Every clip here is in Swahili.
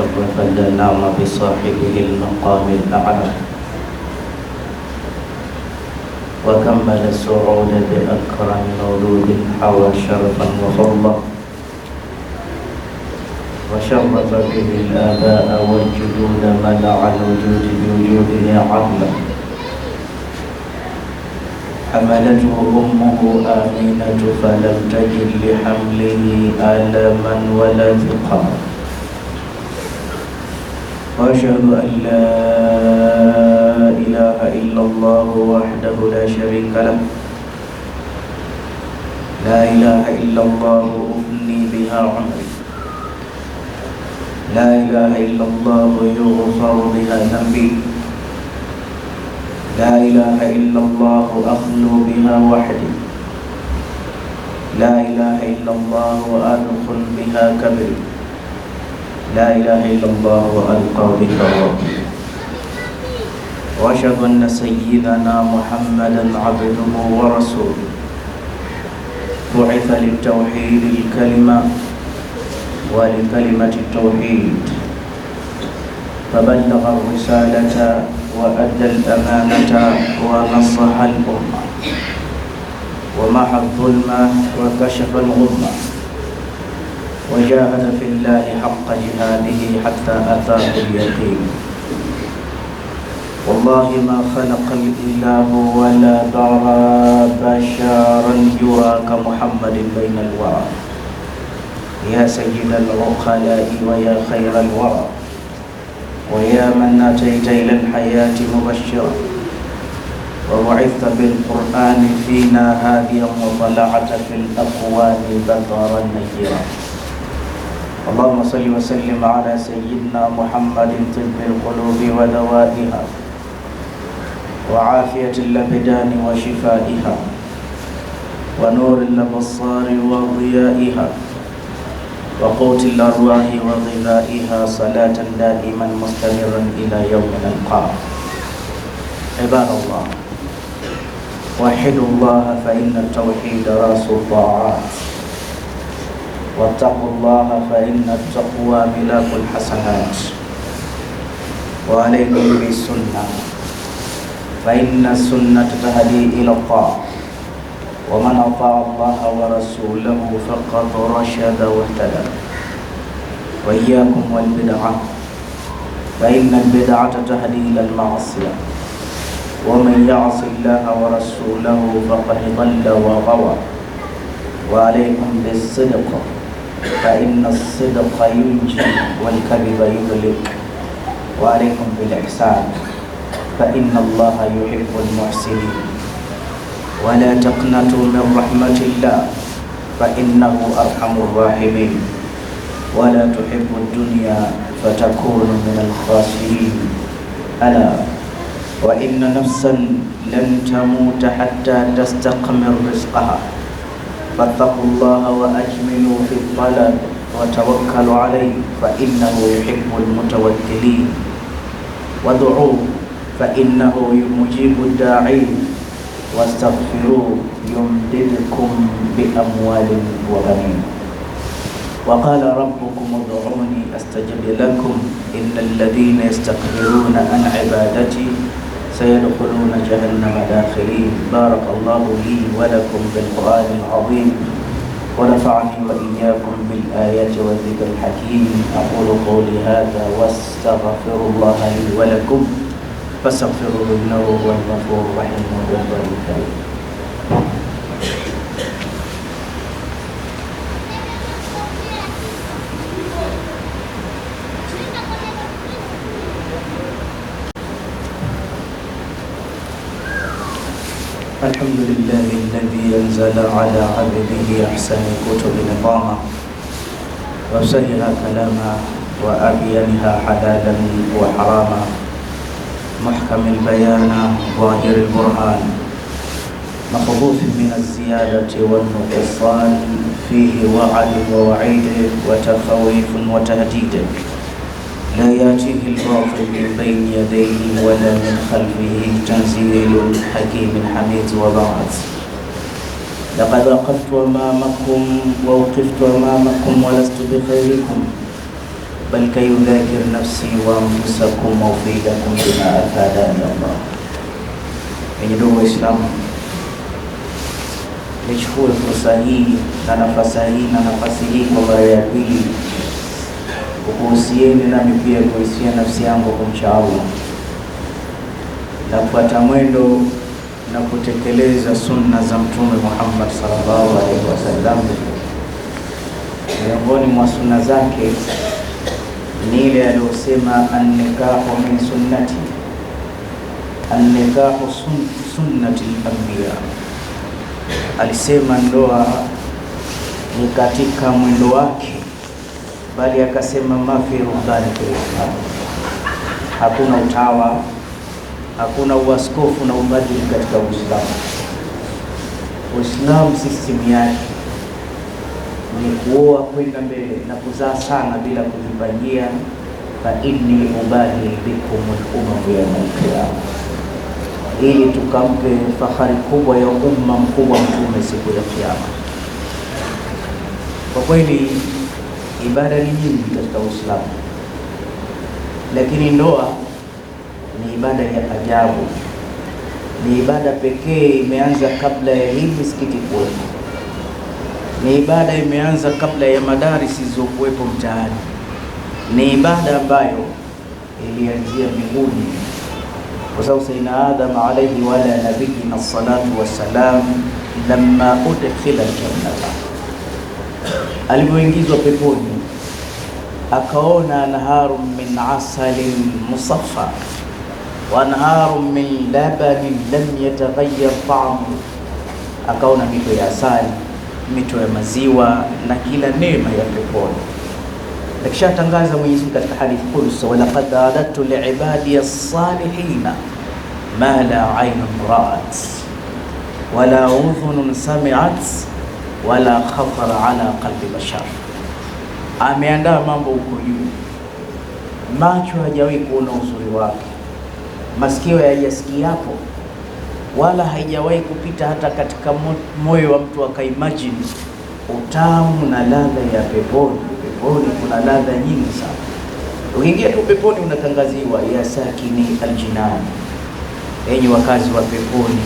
شرف لنا بصاحبه المقام الأعلى وكمل السعود بأكرم مولود حوى شرفا وفضلا وشرف به الآباء والجدود منع الوجود بوجوده عظما حملته أمه آمينة فلم تجد لحمله آلاما ولا ثقالا وأشهد أن لا إله إلا الله وحده لا شريك له لا إله إلا الله أمني بها عمري لا إله إلا الله يغفر بها ذنبي لا إله إلا الله أخلو بها وحدي لا إله إلا الله أدخل بها كبري لا إله إلا الله وألقوا ذكره وأشهد أن سيدنا محمدا عبده ورسوله بعث للتوحيد الكلمة ولكلمة التوحيد فبلغ الرسالة وأدى الأمانة ونصح الأمة ومحى الظلم وكشف الغمة وجاهد في الله حق جهاده حتى أتاه اليقين والله ما خلق الإله ولا درى بشارا يرى كمحمد بين الورى يا سيد العقلاء ويا خير الورى ويا من أتيت إلى الحياة مبشرا وبعثت بالقرآن فينا هاديا وطلعت في الأقوام بطرا نيرا اللهم صل وسلم على سيدنا محمد طب القلوب ودوائها وعافية الأبدان وشفائها ونور الأبصار وضيائها وقوت الأرواح وغذائها صلاة دائما مستمرا إلى يوم نلقاه عباد الله وحدوا الله فإن التوحيد رأس الطاعات واتقوا الله فإن التقوى ملاك الحسنات وعليكم بالسنة فإن السنة تهدي إلى الطاعة ومن أطاع الله ورسوله فقد رشد واهتدى وإياكم والبدعة فإن البدعة تهدي إلى المعصية ومن يعص الله ورسوله فقد ضل وغوى وعليكم بالصدق فإن الصدق ينجي والكذب يهلك وعليكم بالإحسان فإن الله يحب المحسنين ولا تقنطوا من رحمة الله فإنه أرحم الراحمين ولا تحب الدنيا فتكون من الخاسرين ألا وإن نفسا لن تموت حتى تستقمر رزقها فاتقوا الله وأجملوا في الطلب وتوكلوا عليه فإنه يحب المتوكلين وادعوه فإنه مجيب الداعين واستغفروه يمددكم بأموال وبنين وقال ربكم ادعوني أستجب لكم إن الذين يستكبرون عن عبادتي سيدخلون جهنم داخلين بارك الله لي ولكم بالقرآن العظيم ونفعني وإياكم بالآيات والذكر الحكيم أقول قولي هذا واستغفر الله لي ولكم فاستغفروا إنه هو الغفور الرحيم والغفور الكريم الحمد لله الذي أنزل على عبده أحسن الكتب نظاما وسهل كلاما وأبينها حلالا وحراما محكم البيان ظاهر البرهان مخبوث من الزيادة والنقصان فيه وعد ووعيد وتخويف وتهديد لا يأتيه الباطل من بين يديه ولا من خلفه تنزيل حكيم حميد وضاعت لقد وقفت أمامكم ووقفت أمامكم ولست بخيركم بل كي يذاكر نفسي وأنفسكم وفيدكم بما أفادني الله يجدوا Waislamu الاسلام fursa hii هي nafasi هي na هي kuhusieni nami pia kuhusia nafsi yangu kumcha Allah nafuata mwendo na kutekeleza sunna za Mtume Muhammad sallallahu alaihi wasallam. Miongoni mwa sunna zake ni ile aliyosema, annikahu min sunnati, annikahu sun, sunnati al-anbiya. Alisema ndoa ni katika mwendo wake bali akasema mafi ruhbani kiislamu, hakuna utawa, hakuna uaskofu na ubadili katika Uislamu. Uislamu system yake ni kuoa kwenda mbele na kuzaa sana bila kujipangia, fa inni ubadi bikum al-umam ili tukampe fahari kubwa ya umma mkubwa mtume siku ya Kiyama. Kwa kweli ibada ni nyingi katika Uislamu, lakini ndoa ni ibada ya ajabu, ni ibada pekee imeanza kabla ya hii misikiti kuwepo, ni ibada imeanza kabla ya madarisi zilizokuwepo mtaani, ni ibada ambayo ilianzia mbinguni, kwa sababu Sayyidina Adam alayhi wa ala nabiyina salatu wassalam lamma udkhila ljannata alivyoingizwa peponi akaona anharu min asalin musaffa wa anharu min labanin lam yataghayyar ta'amu, akaona mito ya asali, mito ya maziwa na kila neema ya peponi. Akishatangaza Mwenyezi Mungu katika hadithi Qudsi, wa laqad a'dadtu li'ibadi as-salihina ma la aynun ra'at wala udhunun sami'at wala khatara ala qalbi bashar. Ameandaa mambo huko juu, macho hajawahi kuona uzuri wake, masikio hayajasikiapo, wala haijawahi kupita hata katika moyo wa mtu akaimajini utamu na ladha ya peponi. Peponi kuna ladha nyingi sana. Ukiingia tu peponi unatangaziwa, ya sakini aljinani, enyi wakazi wa peponi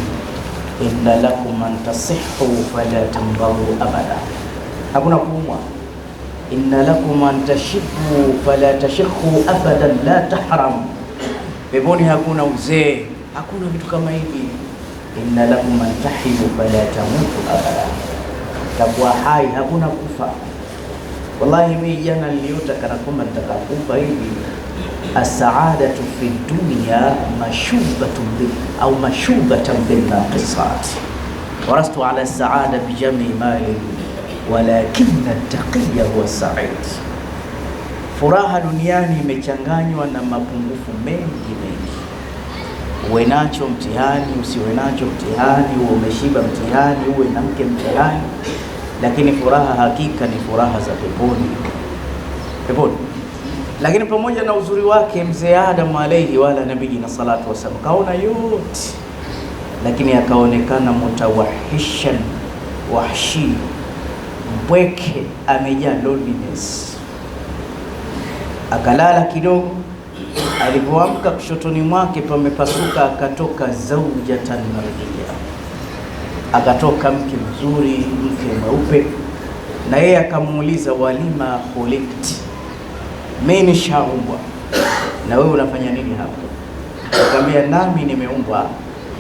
illa lakum an tasihhu fala tambalu abada, hakuna kuumwa. Inna lakum an tashibu fala tashihu abada la tahram, peponi hakuna uzee, hakuna vitu kama hivi. Inna lakum an tahibu fala tamutu abada, takuwa hai hakuna kufa. Wallahi mimi jana niliota kana kwamba nitakufa hivi Asaadatu fi dunya mashubatun bil au mashubatan bil naqisat warastu ala saada bijami mali walakin taqiya huwa said. Furaha duniani imechanganywa na mapungufu mengi mengi. Uwe nacho mtihani, usiwe nacho mtihani, uwe umeshiba mtihani, uwe na mke mtihani, lakini furaha hakika ni furaha za peponi, peponi lakini pamoja na uzuri wake mzee Adam alaihi wala na salatu wasalam kaona yote, lakini akaonekana mutawahishan wahshi, mpweke, amejaa loneliness. Akalala kidogo, alipoamka kushotoni mwake pamepasuka, akatoka zaujatan mardia, akatoka mke mzuri, mke mweupe, na yeye akamuuliza walima khuliqti mimi nishaumbwa na wewe unafanya nini hapa? Akamwambia nami nimeumbwa.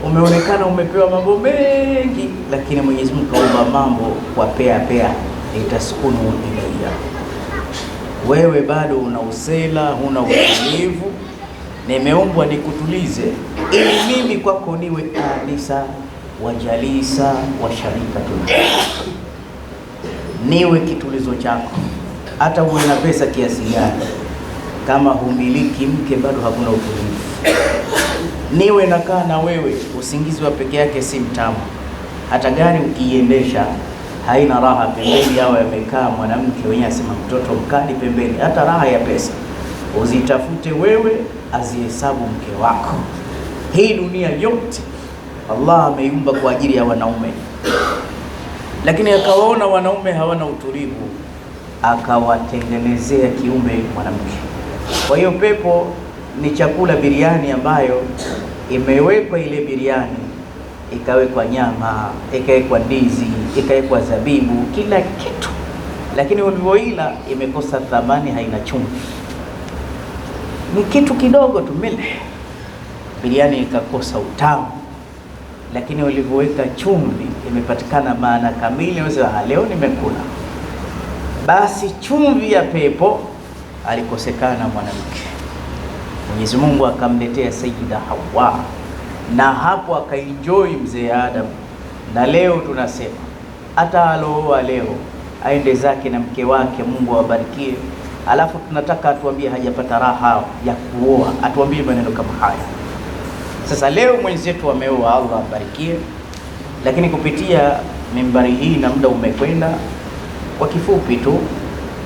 Umeonekana umepewa mambo mengi, lakini Mwenyezi Mungu kaumba mambo kwa pea pea. Itaskunu ilayya, wewe bado una usela, una utulivu. Nimeumbwa nikutulize, ili mimi kwako niwe anisa wajalisa washarika tu, niwe kitulizo chako hata uwe na pesa kiasi gani, kama humiliki mke bado hakuna utulivu. Niwe nakaa na wewe, usingizi wa peke yake si mtamu. Hata gari ukiiendesha haina raha pembeni, yao yamekaa mwanamke wenyewe asema mtoto mkali pembeni. Hata raha ya pesa uzitafute wewe, azihesabu mke wako. Hii dunia yote Allah ameiumba kwa ajili ya wanaume, lakini akawaona wanaume hawana utulivu akawatengenezea kiumbe mwanamke. Kwa hiyo pepo ni chakula biriani, ambayo imewekwa ile biriani ikawekwa nyama, ikawekwa ndizi, ikawekwa zabibu, kila kitu, lakini ulivyoila imekosa thamani, haina chumvi, ni kitu kidogo tu milh. Biriani ikakosa utamu, lakini ulivyoweka chumvi imepatikana maana kamili. Ah, leo nimekula basi chumvi ya pepo alikosekana mwanamke. Mwenyezi Mungu akamletea Sayyida Hawa, na hapo akaenjoy mzee Adam. Na leo tunasema hata alooa leo aende zake na mke wake, Mungu awabarikie. Alafu tunataka atuambie hajapata raha ya kuoa, atuambie maneno kama haya. Sasa leo mwenzetu ameoa, Allah ambarikie. Lakini kupitia mimbari hii na muda umekwenda kwa kifupi tu,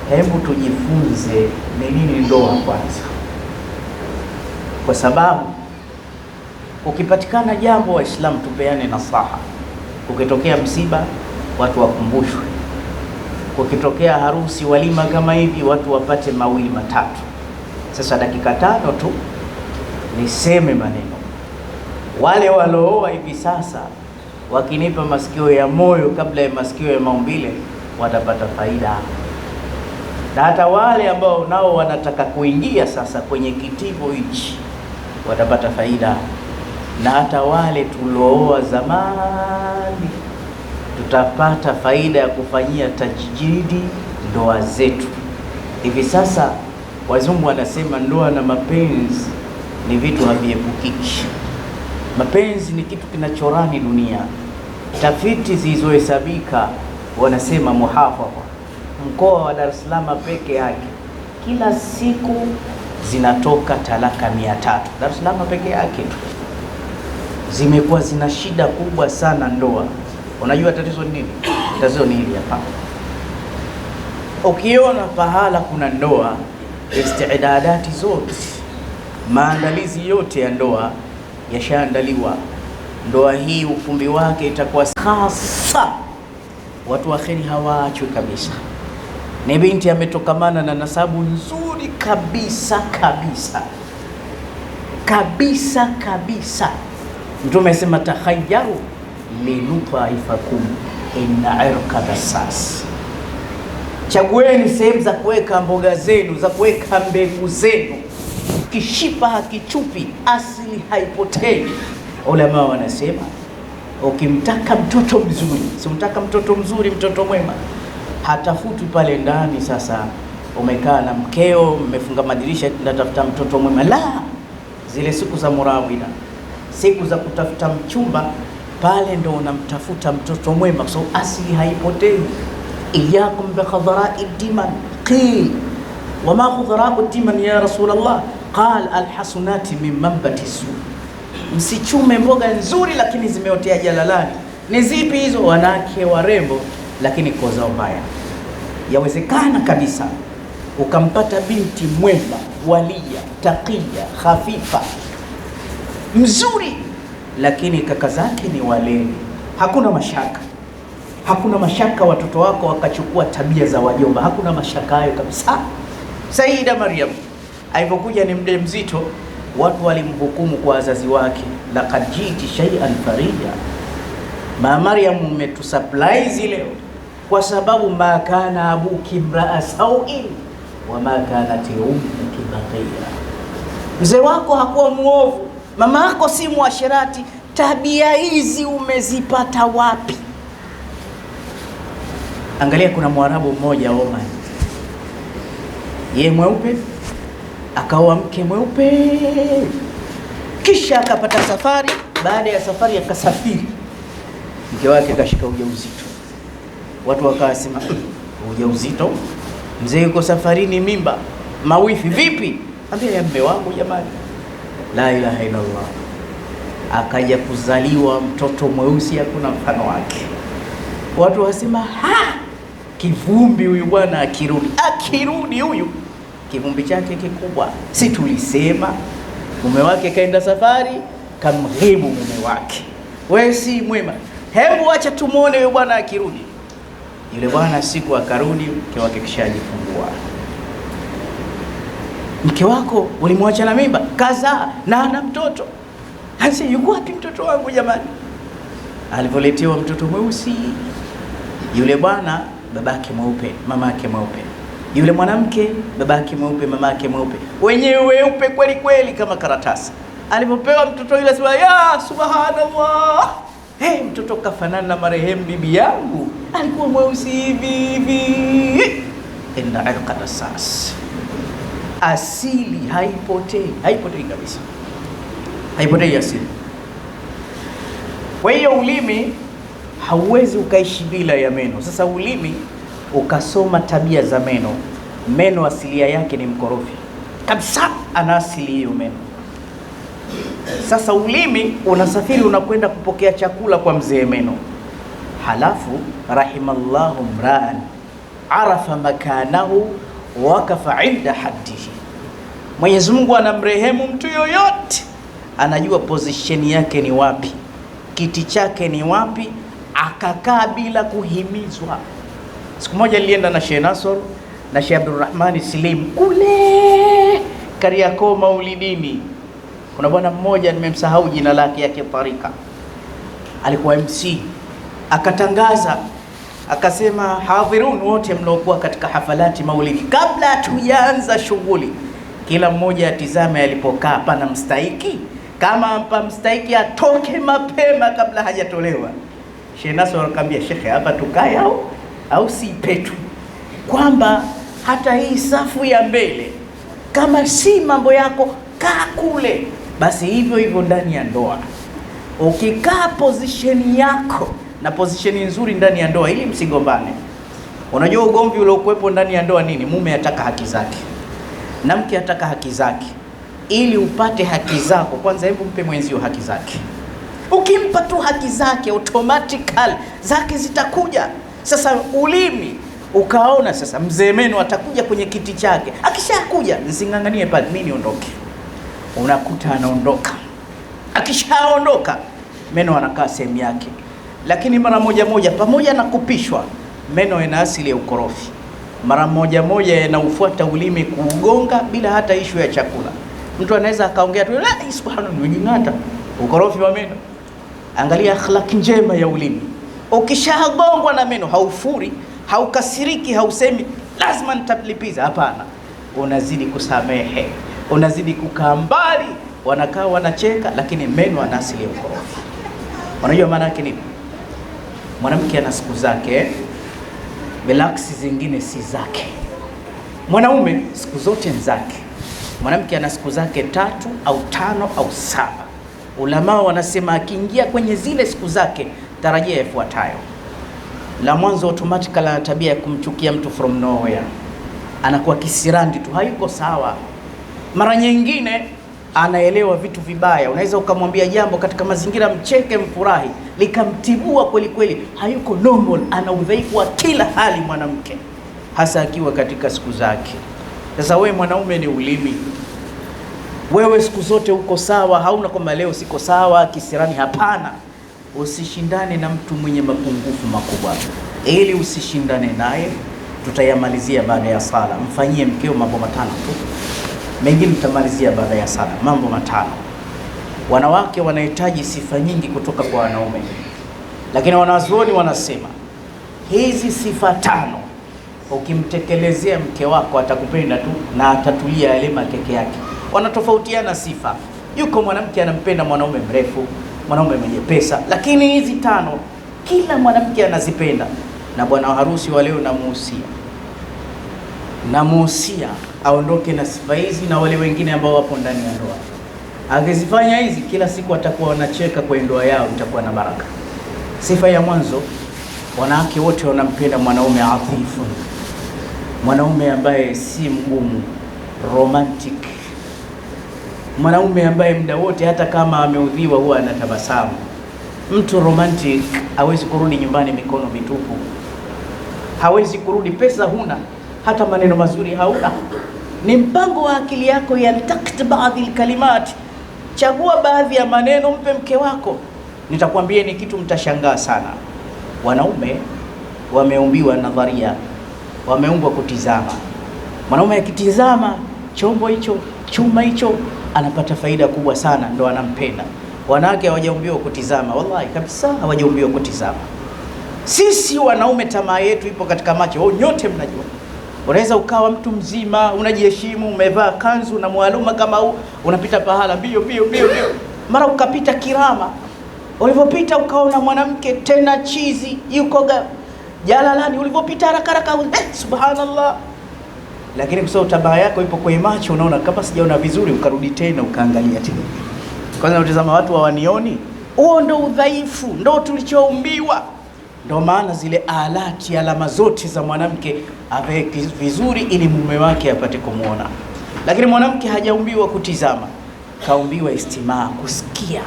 hebu tujifunze ni nini ndoa kwanza, kwa sababu ukipatikana jambo, Waislamu tupeane nasaha. Ukitokea msiba, watu wakumbushwe. Ukitokea harusi, walima kama hivi, watu wapate mawili matatu. Sasa dakika tano tu niseme maneno. Wale walooa hivi sasa wakinipa masikio ya moyo kabla ya masikio ya maumbile watapata faida, na hata wale ambao nao wanataka kuingia sasa kwenye kitivo hichi watapata faida, na hata wale tuliooa zamani tutapata faida ya kufanyia tajjidi ndoa zetu. Hivi sasa wazungu wanasema ndoa na mapenzi ni vitu haviepukiki. Mapenzi ni kitu kinachorani dunia. Tafiti zilizohesabika wanasema muhafadha mkoa wa Dar es Salaam peke yake kila siku zinatoka talaka mia tatu Dar es Salaam peke yake tu. Zimekuwa zina shida kubwa sana ndoa. Unajua tatizo ni nini? Tatizo ni hili hapa. Ukiona pahala kuna ndoa, istidadati zote, maandalizi yote ya ndoa yashaandaliwa, ndoa hii ukumbi wake itakuwa hasa watu wa kheri hawaachwi kabisa. Ni binti ametokamana na nasabu nzuri kabisa kabisa kabisa kabisa. Mtume asema takhayyaru linutaifakum inirka basas, chagueni sehemu za kuweka mboga zenu, za kuweka mbegu zenu. Kishipa hakichupi, asili haipotei. Ulama wanasema Ukimtaka mtoto mzuri, simtaka mtoto mzuri, mtoto mwema hatafutwi pale ndani. Sasa umekaa na mkeo, mmefunga madirisha, natafuta mtoto mwema. La, zile siku za murawida, siku za kutafuta mchumba, pale ndo unamtafuta mtoto mwema, kwa sababu asili haipotei. Iyakum bikhadharai diman qil wama khudharau diman ya Rasulullah qal alhasunati min mambati suu msichume mboga nzuri lakini zimeotea jalalani. Ni zipi hizo? Wanawake warembo lakini koo zao mbaya. Yawezekana kabisa ukampata binti mwema, walia, takia, khafifa mzuri, lakini kaka zake ni walemi Hakuna mashaka, hakuna mashaka watoto wako wakachukua tabia za wajomba, hakuna mashaka hayo kabisa. Saida Mariam alivyokuja ni mjamzito watu walimhukumu kwa wazazi wake, laqad jiti shay'an farija, ma Maryam umetusurprise leo, kwa sababu ma kana abuki mraa sauin wa ma kanat ummuki baghia, mzee wako hakuwa muovu, mama yako si mwasherati. Tabia hizi umezipata wapi? Angalia, kuna mwarabu mmoja Oman, ye mweupe akaoa mke mweupe, kisha akapata safari. Baada ya safari akasafiri, mke wake akashika ujauzito. Watu wakasema ujauzito, mzee yuko safarini, mimba, mawifi vipi? Ambia ya mme wangu jamani, la ilaha illallah. Akaja kuzaliwa mtoto mweusi, hakuna mfano wake. Watu wasema ha, kivumbi huyu bwana, akirudi akirudi huyu kivumbi chake kikubwa, si tulisema mume wake kaenda safari, kamghibu mume wake, we si mwema, hebu acha tumwone huyo bwana akirudi. Yule bwana siku akarudi, mke wake kishajifungua. Mke wako ulimwacha na mimba, kazaa na ana mtoto. Hasi, yuko wapi mtoto wangu jamani? Alivyoletewa mtoto mweusi, yule bwana babake mweupe, mamake mweupe yule mwanamke babake mweupe, mamake mweupe, wenyewe weupe kweli kweli kama karatasi. Alipopewa mtoto yule sema ya subhanallah, hey, mtoto kafanana na marehemu bibi yangu, alikuwa mweusi hivi hivi. Inna irqa rasas, asili haipotei, haipotei kabisa, haipotei asili. Kwa hiyo ulimi hauwezi ukaishi bila ya meno. Sasa ulimi ukasoma tabia za meno, meno asilia yake ni mkorofi kabisa, ana asili hiyo meno. Sasa ulimi unasafiri unakwenda kupokea chakula kwa mzee meno, halafu rahimallahu mraan arafa makanahu wakafa inda haddihi, Mwenyezi Mungu anamrehemu mtu yoyote anajua pozisheni yake ni wapi, kiti chake ni wapi, akakaa bila kuhimizwa. Siku moja nilienda na Sheikh Nasor na Sheikh Abdurrahmani Slim kule Kariakoo Maulidini. Kuna bwana mmoja nimemsahau jina lake, yake Tarika, alikuwa MC, akatangaza akasema, hadhirun wote mnaokuwa katika hafalati maulidi, kabla tujaanza shughuli, kila mmoja atizame alipokaa, pana mstahiki kama mpa mstahiki atoke mapema kabla hajatolewa. Sheikh Nasor akamwambia, shekhe, hapa tukae au au si petu, kwamba hata hii safu ya mbele kama si mambo yako, kaa kule. Basi hivyo hivyo ndani ya ndoa, ukikaa pozisheni yako na pozisheni nzuri ndani ya ndoa ili msigombane. Unajua ugomvi uliokuwepo ndani ya ndoa nini? Mume ataka haki zake na mke ataka haki zake. Ili upate haki zako, kwanza hebu mpe mwenzio haki zake. Ukimpa tu haki zake, automatically zake zitakuja. Sasa ulimi ukaona, sasa mzee menu atakuja kwenye kiti chake, akishakuja nising'ang'anie pale, mimi niondoke. Unakuta anaondoka, akishaondoka meno anakaa sehemu yake, lakini mara moja moja, pamoja na kupishwa, meno yana asili ya ukorofi mara moja moja yanaufuata ulimi kuugonga bila hata ishu ya chakula. Mtu anaweza akaongea tu subhanallah, ng'ata ukorofi wa meno. Angalia akhlaki njema ya ulimi. Ukishagongwa na meno haufuri, haukasiriki, hausemi lazima nitalipiza. Hapana, unazidi kusamehe, unazidi kukaa mbali. Wanakaa wanacheka, lakini meno ana asili ya ukorofi. Unajua maana yake nini? Mwanamke ana siku zake, relaksi zingine si zake. Mwanaume siku zote ni zake. Mwanamke ana siku zake tatu au tano au saba. Ulamaa wanasema akiingia kwenye zile siku zake tarajia yafuatayo. La mwanzo, automatically ana tabia ya kumchukia mtu from nowhere, anakuwa kisirandi tu, hayuko sawa. Mara nyingine anaelewa vitu vibaya, unaweza ukamwambia jambo katika mazingira mcheke, mfurahi, likamtibua kweli kweli. Hayuko normal, ana udhaifu wa kila hali mwanamke, hasa akiwa katika siku zake. Sasa wewe mwanaume ni ulimi wewe, siku zote uko sawa, hauna kwamba leo siko sawa, kisirani. Hapana usishindane na mtu mwenye mapungufu makubwa, ili usishindane naye. Tutayamalizia baada ya sala. Mfanyie mkeo mambo matano tu, mengine mtamalizia baada ya sala. Mambo matano. Wanawake wanahitaji sifa nyingi kutoka kwa wanaume, lakini wanazuoni wanasema hizi sifa tano ukimtekelezea mke wako atakupenda tu na atatulia yale makeke yake. Wanatofautiana sifa, yuko mwanamke anampenda mwanaume mrefu mwanaume mwenye pesa. Lakini hizi tano kila mwanamke anazipenda, na bwana harusi wa leo namuhusia, namuhusia aondoke na sifa hizi na wale wengine ambao wapo ndani ya ndoa. Akizifanya hizi kila siku, atakuwa wanacheka kwa ndoa yao, itakuwa na baraka. Sifa ya mwanzo, wanawake wote wanampenda mwanaume adhifu, mwanaume ambaye si mgumu, romantiki mwanaume ambaye muda wote hata kama ameudhiwa huwa anatabasamu. Mtu romantic hawezi kurudi nyumbani mikono mitupu, hawezi kurudi. Pesa huna, hata maneno mazuri hauna. Ni mpango wa akili yako, yantakt baadhi alkalimat, chagua baadhi ya maneno mpe mke wako. Nitakwambia ni kitu mtashangaa sana. Wanaume wameumbiwa nadharia, wameumbwa kutizama. Mwanaume akitizama chombo hicho, chuma hicho anapata faida kubwa sana, ndo anampenda. Wanawake hawajaumbiwa kutizama, wallahi kabisa, hawajaumbiwa kutizama. Sisi wanaume tamaa yetu ipo katika macho. Oh, nyote mnajua, unaweza ukawa mtu mzima unajiheshimu, umevaa kanzu na mwaluma kama huu, unapita pahala mbio mbio mbio mbio, mara ukapita kirama, ulivyopita ukaona mwanamke tena chizi yuko jalalani, ulivyopita haraka haraka, eh, subhanallah lakini kwa sababu tabaa yako ipo kwenye macho, unaona kama sijaona vizuri, ukarudi tena ukaangalia tena. Kwanza unatazama watu hawanioni, huo ndo udhaifu, ndo tulichoumbiwa. Ndo maana zile alati, alama zote za mwanamke aweke vizuri, ili mume wake apate kumwona. Lakini mwanamke hajaumbiwa kutizama, kaumbiwa istimaa, kusikia.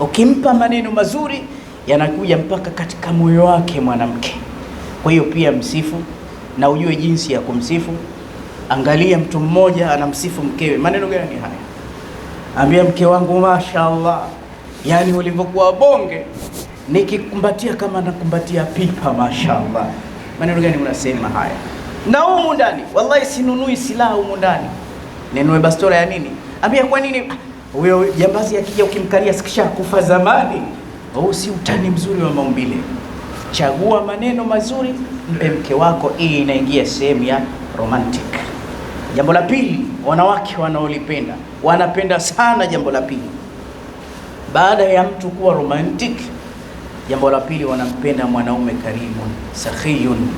Ukimpa maneno mazuri, yanakuja mpaka katika moyo wake mwanamke. Kwa hiyo pia msifu na ujue jinsi ya kumsifu. Angalia, mtu mmoja anamsifu mkewe, maneno gani haya? Ambia mke wangu, mashaallah, yani ulivyokuwa bonge, nikikumbatia kama nakumbatia pipa, mashaallah. Maneno gani unasema haya? Na humu ndani, wallahi sinunui silaha humu ndani, ninunue bastola ya nini? Ambia kwa nini? Ah, huyo jambazi akija ukimkalia sikisha kufa zamani. au oh, si utani mzuri wa maumbile. Chagua maneno mazuri, mpe mke wako, hii inaingia sehemu ya romantic. Jambo la pili, wanawake wanaolipenda wanapenda sana. Jambo la pili, baada ya mtu kuwa romantic, jambo la pili wanampenda mwanaume karimu, sakhiyun,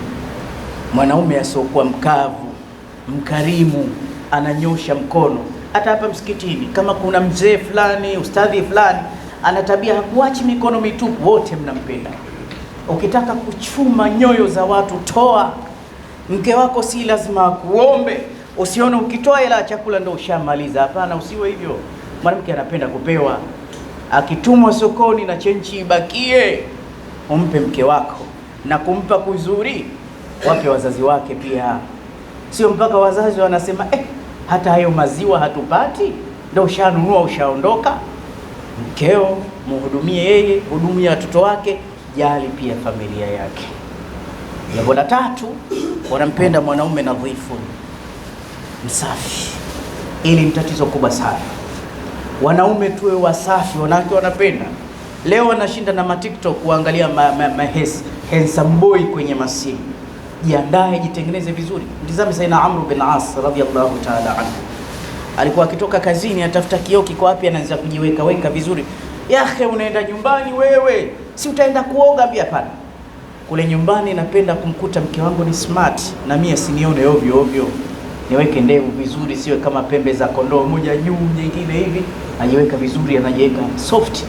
mwanaume asiokuwa mkavu, mkarimu, ananyosha mkono. Hata hapa msikitini kama kuna mzee fulani, ustadhi fulani, ana tabia hakuachi mikono mitupu, wote mnampenda. Ukitaka kuchuma nyoyo za watu, toa. Mke wako si lazima akuombe. Usione ukitoa hela ya chakula ndio ushamaliza. Hapana, usiwe hivyo. Mwanamke anapenda kupewa, akitumwa sokoni na chenchi ibakie, umpe mke wako na kumpa kuzuri, wape wazazi wake pia. Sio mpaka wazazi wanasema eh, hata hayo maziwa hatupati, ndio ushanunua ushaondoka. Mkeo muhudumie yeye, hudumia watoto wake jali pia familia yake. Jambo la tatu, wanampenda mwanaume nadhifu, msafi. Ili ni tatizo kubwa sana. Wanaume tuwe wasafi, wanawake wanapenda. Leo wanashinda na matiktok kuangalia ma, ma, ma handsome boy kwenye masimu. Jiandae, jitengeneze vizuri. Mtizame saina Amru bin As radhiyallahu ta'ala anhu, alikuwa akitoka kazini, atafuta kioo kiko wapi, anaanza kujiweka weka vizuri. Yahe, unaenda nyumbani wewe si utaenda kuoga pia hapana. Kule nyumbani napenda kumkuta mke wangu ni smart, na mimi asinione ovyo ovyo, niweke ndevu vizuri, siwe kama pembe za kondoo, moja juu nyingine hivi. Ajiweka vizuri, anajiweka soft,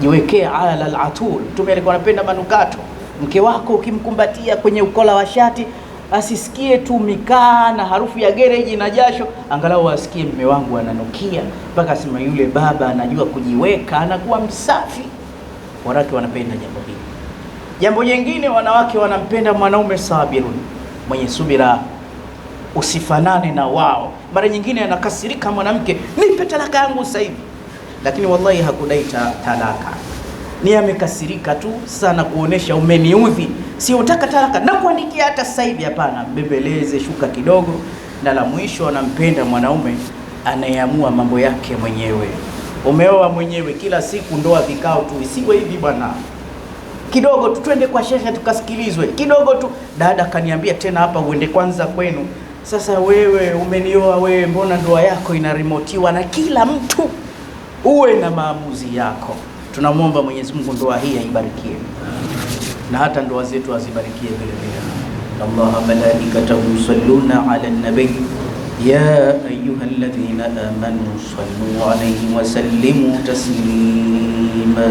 jiwekea ala atul. Mtume alikuwa anapenda manukato. Mke wako ukimkumbatia kwenye ukola wa shati asisikie tu mikaa na harufu ya gereji na jasho, angalau asikie mme wangu ananukia, mpaka asema yule baba anajua kujiweka, anakuwa msafi wanawake wanapenda jambo hili. Jambo jingine, wanawake wanampenda mwanaume sabirun, mwenye subira, usifanane na wao. Mara nyingine anakasirika mwanamke, nipe talaka yangu sasa hivi, lakini wallahi hakudai talaka, ni amekasirika tu sana kuonesha umeniudhi, siutaka talaka na kuandikia hata sasa hivi. Hapana, mbembeleze, shuka kidogo. Na la mwisho, anampenda mwanaume anayeamua mambo yake mwenyewe umeoa mwenyewe, kila siku ndoa vikao tu, isiwe hivi bwana. Kidogo tu twende kwa shehe tukasikilizwe kidogo tu, dada kaniambia tena hapa uende kwanza kwenu. Sasa wewe umenioa wewe, mbona ndoa yako inarimotiwa na kila mtu? Uwe na maamuzi yako. Tunamwomba Mwenyezi Mungu ndoa hii aibarikie na hata ndoa zetu azibarikie vile vile. Allaha malaikatahu yusalluna ala nabii يا أيها الذين آمنوا صلوا عليه وسلموا تسليما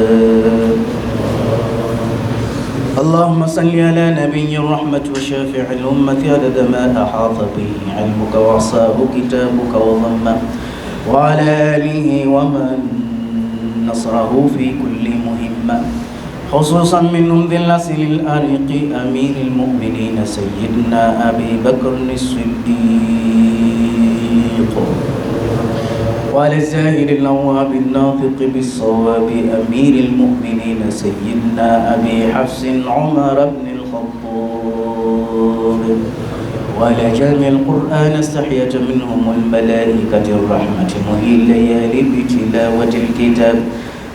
اللهم صل على نبي الرحمة وشافع الأمة عدد ما أحاط به علمك وعصاه كتابك وضمه وعلى آله ومن نصره في كل مهمة خصوصا منهم ذي الأصل الأنيق أمير المؤمنين سيدنا أبي بكر الصديق وعلى الزاهر الأواب الناطق بالصواب أمير المؤمنين سيدنا أبي حفص عمر بن الخطاب وعلى جامع القرآن استحية منهم الملائكة الرحمة مهي الليالي بتلاوة الكتاب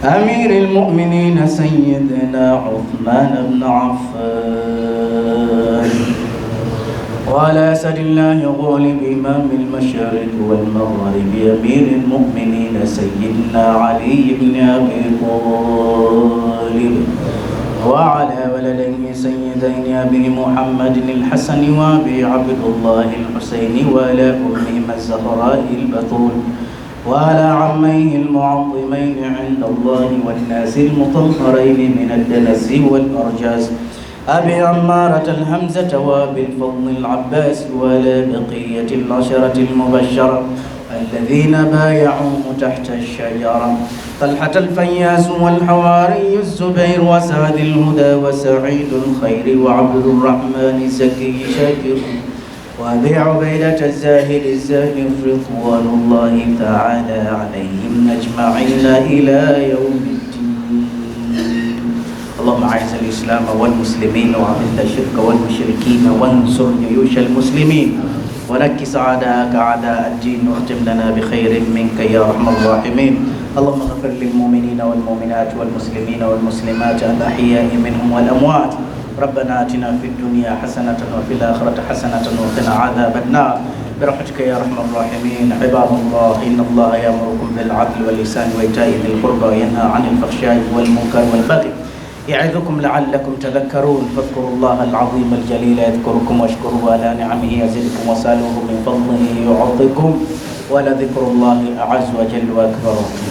أمير المؤمنين سيدنا عثمان بن عفان وعلى أسد الله غالب إمام المشارق والمغرب أمير المؤمنين سيدنا علي بن أبي طالب وعلى ولديه سيدين أبي محمد الحسن وأبي عبد الله الحسين وعلى أمهما الزهراء البتول وعلى عميه المعظمين عند الله والناس المطهرين من الدنس والأرجاز أبي عمارة الهمزة وأبي الفضل العباس ولا بقية العشرة المبشرة الذين بايعوه تحت الشجرة طلحة الفياس والحواري الزبير وسعد الهدى وسعيد الخير وعبد الرحمن زكي شاكر وأبي عبيدة الزاهد الزاهر رضوان الله تعالى عليهم أجمعين إلى يوم الدين اللهم اعز الاسلام والمسلمين واذل الشرك والمشركين وانصر جيوش المسلمين ونكس اعداءك اعداء الدين واختم لنا بخير منك يا ارحم الراحمين اللهم اغفر للمؤمنين والمؤمنات والمسلمين والمسلمات الاحياء منهم والاموات ربنا اتنا في الدنيا حسنه وفي الاخره حسنه وقنا عذاب النار برحمتك يا ارحم الراحمين عباد الله ان الله يامركم بالعدل واللسان وايتاء ذي القربى وينهى عن الفحشاء والمنكر والبغي يعظكم لعلكم تذكرون فاذكروا الله العظيم الجليل يذكركم واشكروا على نعمه يزدكم وسألوه من فضله يعظكم ولذكر الله أعز وجل وأكبر